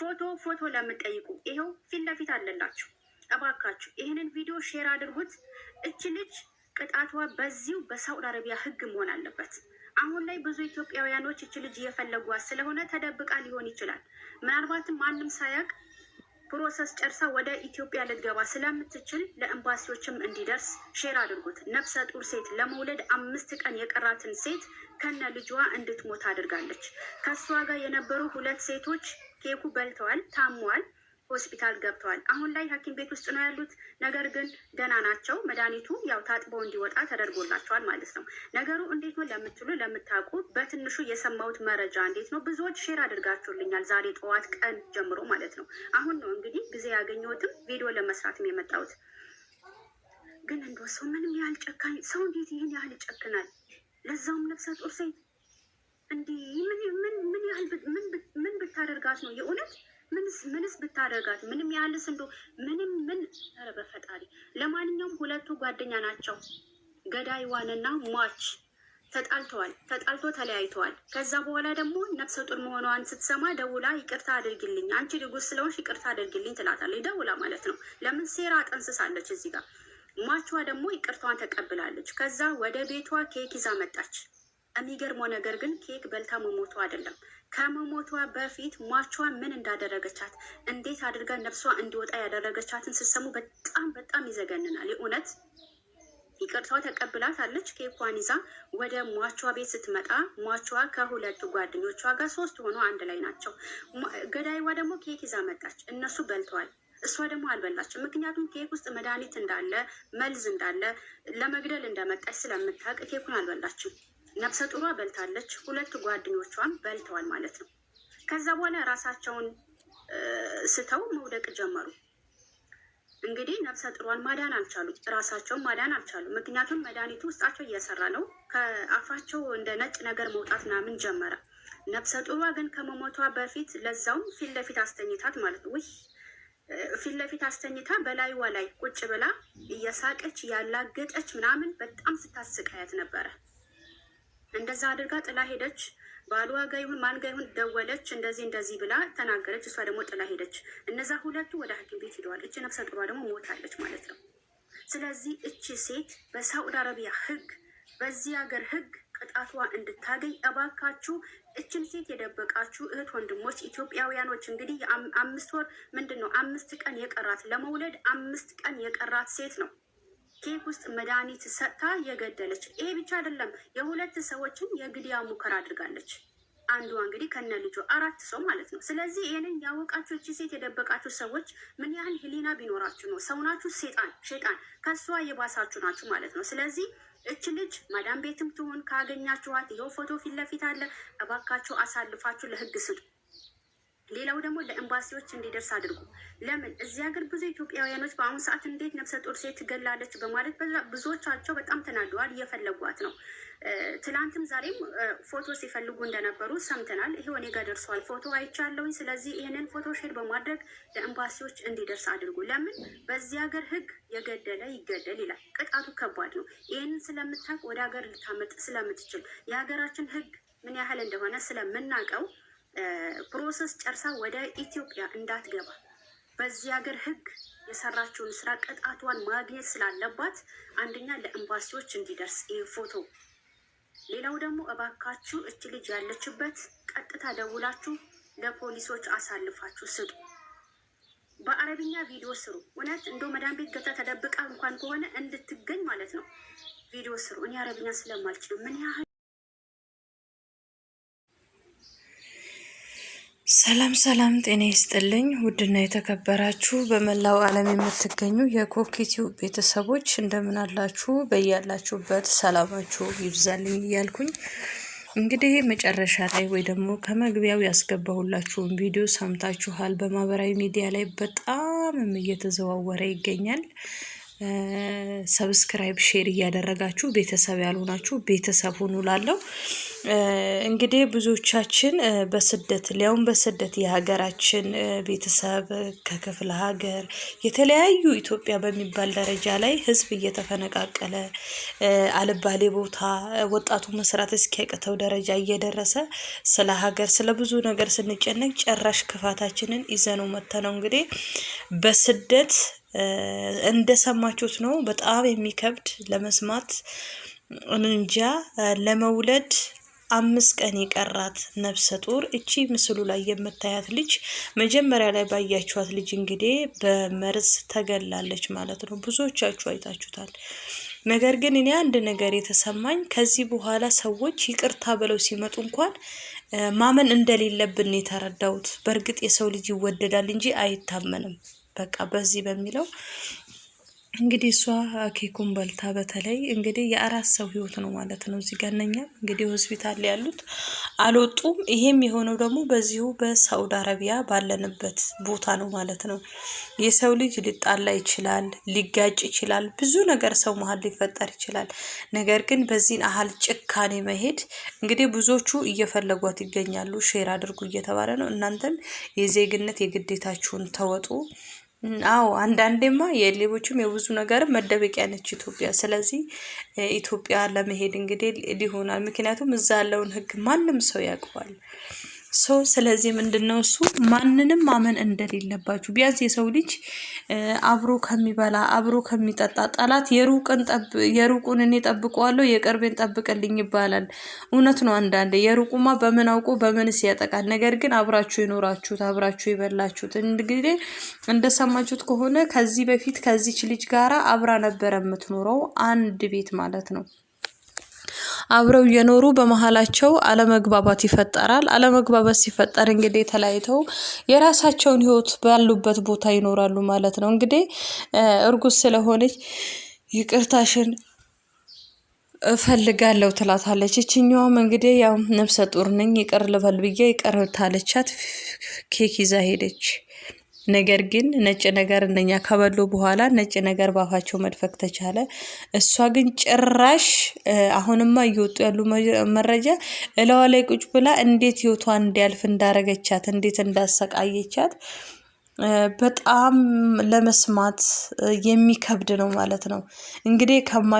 ፎቶ ፎቶ ለምጠይቁ ይኸው ፊት ለፊት አለላችሁ። እባካችሁ ይህንን ቪዲዮ ሼር አድርጉት። እች ልጅ ቅጣቷ በዚሁ በሳውዲ አረቢያ ህግ መሆን አለበት። አሁን ላይ ብዙ ኢትዮጵያውያኖች እች ልጅ እየፈለጓት ስለሆነ ተደብቃ ሊሆን ይችላል። ምናልባትም ማንም ሳያውቅ ፕሮሰስ ጨርሳ ወደ ኢትዮጵያ ልትገባ ስለምትችል ለኤምባሲዎችም እንዲደርስ ሼር አድርጉት። ነፍሰ ጡር ሴት ለመውለድ አምስት ቀን የቀራትን ሴት ከነ ልጇ እንድትሞት አድርጋለች። ከእሷ ጋር የነበሩ ሁለት ሴቶች ኬኩ በልተዋል፣ ታሟል፣ ሆስፒታል ገብተዋል። አሁን ላይ ሐኪም ቤት ውስጥ ነው ያሉት። ነገር ግን ደህና ናቸው። መድኃኒቱ ያው ታጥቦ እንዲወጣ ተደርጎላቸዋል ማለት ነው። ነገሩ እንዴት ነው ለምትሉ ለምታውቁ በትንሹ የሰማሁት መረጃ እንዴት ነው ብዙዎች ሼር አድርጋችሁልኛል ዛሬ ጠዋት ቀን ጀምሮ ማለት ነው። አሁን ነው እንግዲህ ጊዜ ያገኘሁትም ቪዲዮ ለመስራትም የመጣሁት። ግን እንደው ሰው ምንም ያህል ጨካኝ ሰው እንዴት ይህን ያህል ይጨክናል? ለዛውም ነፍሰ ጡር ሴት እንዲህ ምን ያህል ምን ብታደርጋት ነው የእውነት ምንስ ብታደርጋት ምንም ያህልስ እንዶ ምንም ምን ኧረ በፈጣሪ ለማንኛውም ሁለቱ ጓደኛ ናቸው ገዳይዋንና ሟች ተጣልተዋል ተጣልቶ ተለያይተዋል ከዛ በኋላ ደግሞ ነፍሰ ጡር መሆኗን ስትሰማ ደውላ ይቅርታ አድርግልኝ አንቺ ርጉዝ ስለሆንሽ ይቅርታ አድርግልኝ ትላታለች ደውላ ማለት ነው ለምን ሴራ ጠንስሳለች እዚህ ጋር ሟቿ ደግሞ ይቅርቷን ተቀብላለች ከዛ ወደ ቤቷ ኬክ ይዛ መጣች የሚገርመው ነገር ግን ኬክ በልታ መሞቷ አይደለም፣ ከመሞቷ በፊት ሟቿ ምን እንዳደረገቻት እንዴት አድርጋ ነፍሷ እንዲወጣ ያደረገቻትን ስትሰሙ በጣም በጣም ይዘገንናል። የእውነት ይቅርታው ተቀብላታለች። ኬኳን ይዛ ወደ ሟቿ ቤት ስትመጣ ሟቿ ከሁለቱ ጓደኞቿ ጋር ሶስት ሆኖ አንድ ላይ ናቸው። ገዳይዋ ደግሞ ኬክ ይዛ መጣች። እነሱ በልተዋል። እሷ ደግሞ አልበላችም። ምክንያቱም ኬክ ውስጥ መድኃኒት እንዳለ መልዝ እንዳለ ለመግደል እንደመጣች ስለምታውቅ ኬኩን አልበላችም። ነፍሰ ጡሯ በልታለች፣ ሁለት ጓደኞቿም በልተዋል ማለት ነው። ከዛ በኋላ ራሳቸውን ስተው መውደቅ ጀመሩ። እንግዲህ ነፍሰ ጡሯን ማዳን አልቻሉ፣ ራሳቸውን ማዳን አልቻሉ። ምክንያቱም መድኃኒቱ ውስጣቸው እየሰራ ነው። ከአፋቸው እንደ ነጭ ነገር መውጣት ምናምን ጀመረ። ነፍሰ ጡሯ ግን ከመሞቷ በፊት ለዛውም ፊት ለፊት አስተኝታት ማለት ነው። ውይ ፊት ለፊት አስተኝታ በላይዋ ላይ ቁጭ ብላ እየሳቀች ያላገጠች ምናምን በጣም ስታስቃያት ነበረ። እንደዛ አድርጋ ጥላ ሄደች። ባሏ ጋ ይሁን ማን ጋ ይሁን ደወለች፣ እንደዚህ እንደዚህ ብላ ተናገረች። እሷ ደግሞ ጥላ ሄደች። እነዛ ሁለቱ ወደ ሐኪም ቤት ሄደዋል። እች ነፍሰ ጥሯ ደግሞ ሞታለች ማለት ነው። ስለዚህ እቺ ሴት በሳዑዲ አረቢያ ህግ በዚህ ሀገር ህግ ቅጣቷ እንድታገኝ እባካችሁ እችን ሴት የደበቃችሁ እህት ወንድሞች ኢትዮጵያውያኖች እንግዲህ አምስት ወር ምንድን ነው አምስት ቀን የቀራት ለመውለድ አምስት ቀን የቀራት ሴት ነው። ኬክ ውስጥ መድኃኒት ሰጥታ የገደለች። ይሄ ብቻ አይደለም፣ የሁለት ሰዎችን የግድያ ሙከራ አድርጋለች። አንዷ እንግዲህ ከነ ልጁ አራት ሰው ማለት ነው። ስለዚህ ይህንን ያወቃችሁ እቺ ሴት የደበቃችሁ ሰዎች ምን ያህል ህሊና ቢኖራችሁ ነው? ሰውናችሁ ሴጣን ሸጣን ከእሷ የባሳችሁ ናችሁ ማለት ነው። ስለዚህ እች ልጅ ማዳም ቤትም ትሆን ካገኛችኋት፣ ይኸው ፎቶ ፊት ለፊት አለ። እባካችሁ አሳልፋችሁ ለህግ ስጡ። ሌላው ደግሞ ለኤምባሲዎች እንዲደርስ አድርጉ። ለምን እዚህ ሀገር ብዙ ኢትዮጵያውያኖች በአሁኑ ሰዓት እንዴት ነፍሰ ጡር ሴት ትገላለች በማለት ብዙዎቻቸው በጣም ተናደዋል። እየፈለጓት ነው። ትላንትም ዛሬም ፎቶ ሲፈልጉ እንደነበሩ ሰምተናል። ይሄ እኔ ጋር ደርሷል፣ ፎቶ አይቻለሁኝ። ስለዚህ ይህንን ፎቶ ሼር በማድረግ ለኤምባሲዎች እንዲደርስ አድርጉ። ለምን በዚህ ሀገር ህግ የገደለ ይገደል ይላል። ቅጣቱ ከባድ ነው። ይህንን ስለምታውቅ ወደ ሀገር ልታመጥ ስለምትችል የሀገራችን ህግ ምን ያህል እንደሆነ ስለምናውቀው ፕሮሰስ ጨርሳ ወደ ኢትዮጵያ እንዳትገባ በዚህ ሀገር ህግ የሰራችውን ስራ ቅጣቷን ማግኘት ስላለባት አንደኛ ለኤምባሲዎች እንዲደርስ ይህ ፎቶ፣ ሌላው ደግሞ እባካችሁ እች ልጅ ያለችበት ቀጥታ ደውላችሁ ለፖሊሶች አሳልፋችሁ ስጡ። በአረብኛ ቪዲዮ ስሩ። እውነት እንደ መዳን ቤት ገብታ ተደብቃ እንኳን ከሆነ እንድትገኝ ማለት ነው። ቪዲዮ ስሩ። እኔ አረብኛ ስለማልችል ምን ያህል ሰላም ሰላም፣ ጤና ይስጥልኝ። ውድና የተከበራችሁ በመላው ዓለም የምትገኙ የኮኬቲው ቤተሰቦች እንደምን አላችሁ? በያላችሁበት ሰላማችሁ ይብዛልኝ እያልኩኝ እንግዲህ መጨረሻ ላይ ወይ ደግሞ ከመግቢያው ያስገባሁላችሁን ቪዲዮ ሰምታችኋል። በማህበራዊ ሚዲያ ላይ በጣምም እየተዘዋወረ ይገኛል። ሰብስክራይብ፣ ሼር እያደረጋችሁ ቤተሰብ ያልሆናችሁ ቤተሰብ ሁኑ ላለው እንግዲህ ብዙዎቻችን በስደት ሊያውም በስደት የሀገራችን ቤተሰብ ከክፍለ ሀገር የተለያዩ ኢትዮጵያ በሚባል ደረጃ ላይ ሕዝብ እየተፈነቃቀለ አልባሌ ቦታ ወጣቱ መስራት እስኪያቅተው ደረጃ እየደረሰ ስለ ሀገር ስለ ብዙ ነገር ስንጨነቅ ጨራሽ ክፋታችንን ይዘነው መተነው እንግዲህ በስደት እንደሰማችሁት ነው። በጣም የሚከብድ ለመስማት እንጃ ለመውለድ አምስት ቀን የቀራት ነፍሰ ጡር እቺ ምስሉ ላይ የምታያት ልጅ መጀመሪያ ላይ ባያችኋት ልጅ እንግዲህ በመርዝ ተገላለች ማለት ነው። ብዙዎቻችሁ አይታችሁታል። ነገር ግን እኔ አንድ ነገር የተሰማኝ ከዚህ በኋላ ሰዎች ይቅርታ ብለው ሲመጡ እንኳን ማመን እንደሌለብን የተረዳሁት። በእርግጥ የሰው ልጅ ይወደዳል እንጂ አይታመንም። በቃ በዚህ በሚለው እንግዲህ እሷ ኬኩን በልታ በተለይ እንግዲህ የአራት ሰው ህይወት ነው ማለት ነው እዚህ ጋር እነኛ እንግዲህ ሆስፒታል ያሉት አልወጡም። ይሄም የሆነው ደግሞ በዚሁ በሳውዲ አረቢያ ባለንበት ቦታ ነው ማለት ነው። የሰው ልጅ ሊጣላ ይችላል፣ ሊጋጭ ይችላል፣ ብዙ ነገር ሰው መሀል ሊፈጠር ይችላል። ነገር ግን በዚህን አህል ጭካኔ መሄድ እንግዲህ ብዙዎቹ እየፈለጓት ይገኛሉ። ሼር አድርጉ እየተባለ ነው። እናንተም የዜግነት የግዴታችሁን ተወጡ። አዎ አንዳንዴማ የሌቦችም የብዙ ነገር መደበቂያ ነች ኢትዮጵያ። ስለዚህ ኢትዮጵያ ለመሄድ እንግዲህ ሊሆናል። ምክንያቱም እዛ ያለውን ህግ ማንም ሰው ያውቀዋል። ሰው ስለዚህ ምንድን ነው እሱ ማንንም ማመን እንደሌለባችሁ ቢያንስ የሰው ልጅ አብሮ ከሚበላ አብሮ ከሚጠጣ ጠላት የሩቁን እኔ ጠብቀዋለሁ የቅርቤን ጠብቅልኝ ይባላል። እውነት ነው። አንዳንዴ የሩቁማ በምን አውቆ በምንስ ያጠቃል። ነገር ግን አብራችሁ የኖራችሁት አብራችሁ የበላችሁት እንግዲህ እንደሰማችሁት ከሆነ ከዚህ በፊት ከዚች ልጅ ጋራ አብራ ነበረ የምትኖረው አንድ ቤት ማለት ነው። አብረው እየኖሩ በመሀላቸው አለመግባባት ይፈጠራል። አለመግባባት ሲፈጠር እንግዲህ ተለያይተው የራሳቸውን ህይወት ባሉበት ቦታ ይኖራሉ ማለት ነው። እንግዲህ እርጉዝ ስለሆነች ይቅርታሽን እፈልጋለሁ ትላታለች። ይችኛዋም እንግዲህ ያው ነፍሰ ጡር ነኝ ይቅር ልበል ብዬ ታለቻት። ኬክ ይዛ ሄደች። ነገር ግን ነጭ ነገር እነኛ ከበሉ በኋላ ነጭ ነገር ባፋቸው መድፈቅ ተቻለ። እሷ ግን ጭራሽ አሁንማ እየወጡ ያሉ መረጃ እለዋ ላይ ቁጭ ብላ እንዴት ህይወቷ እንዲያልፍ እንዳረገቻት እንዴት እንዳሰቃየቻት በጣም ለመስማት የሚከብድ ነው ማለት ነው እንግዲህ ከማ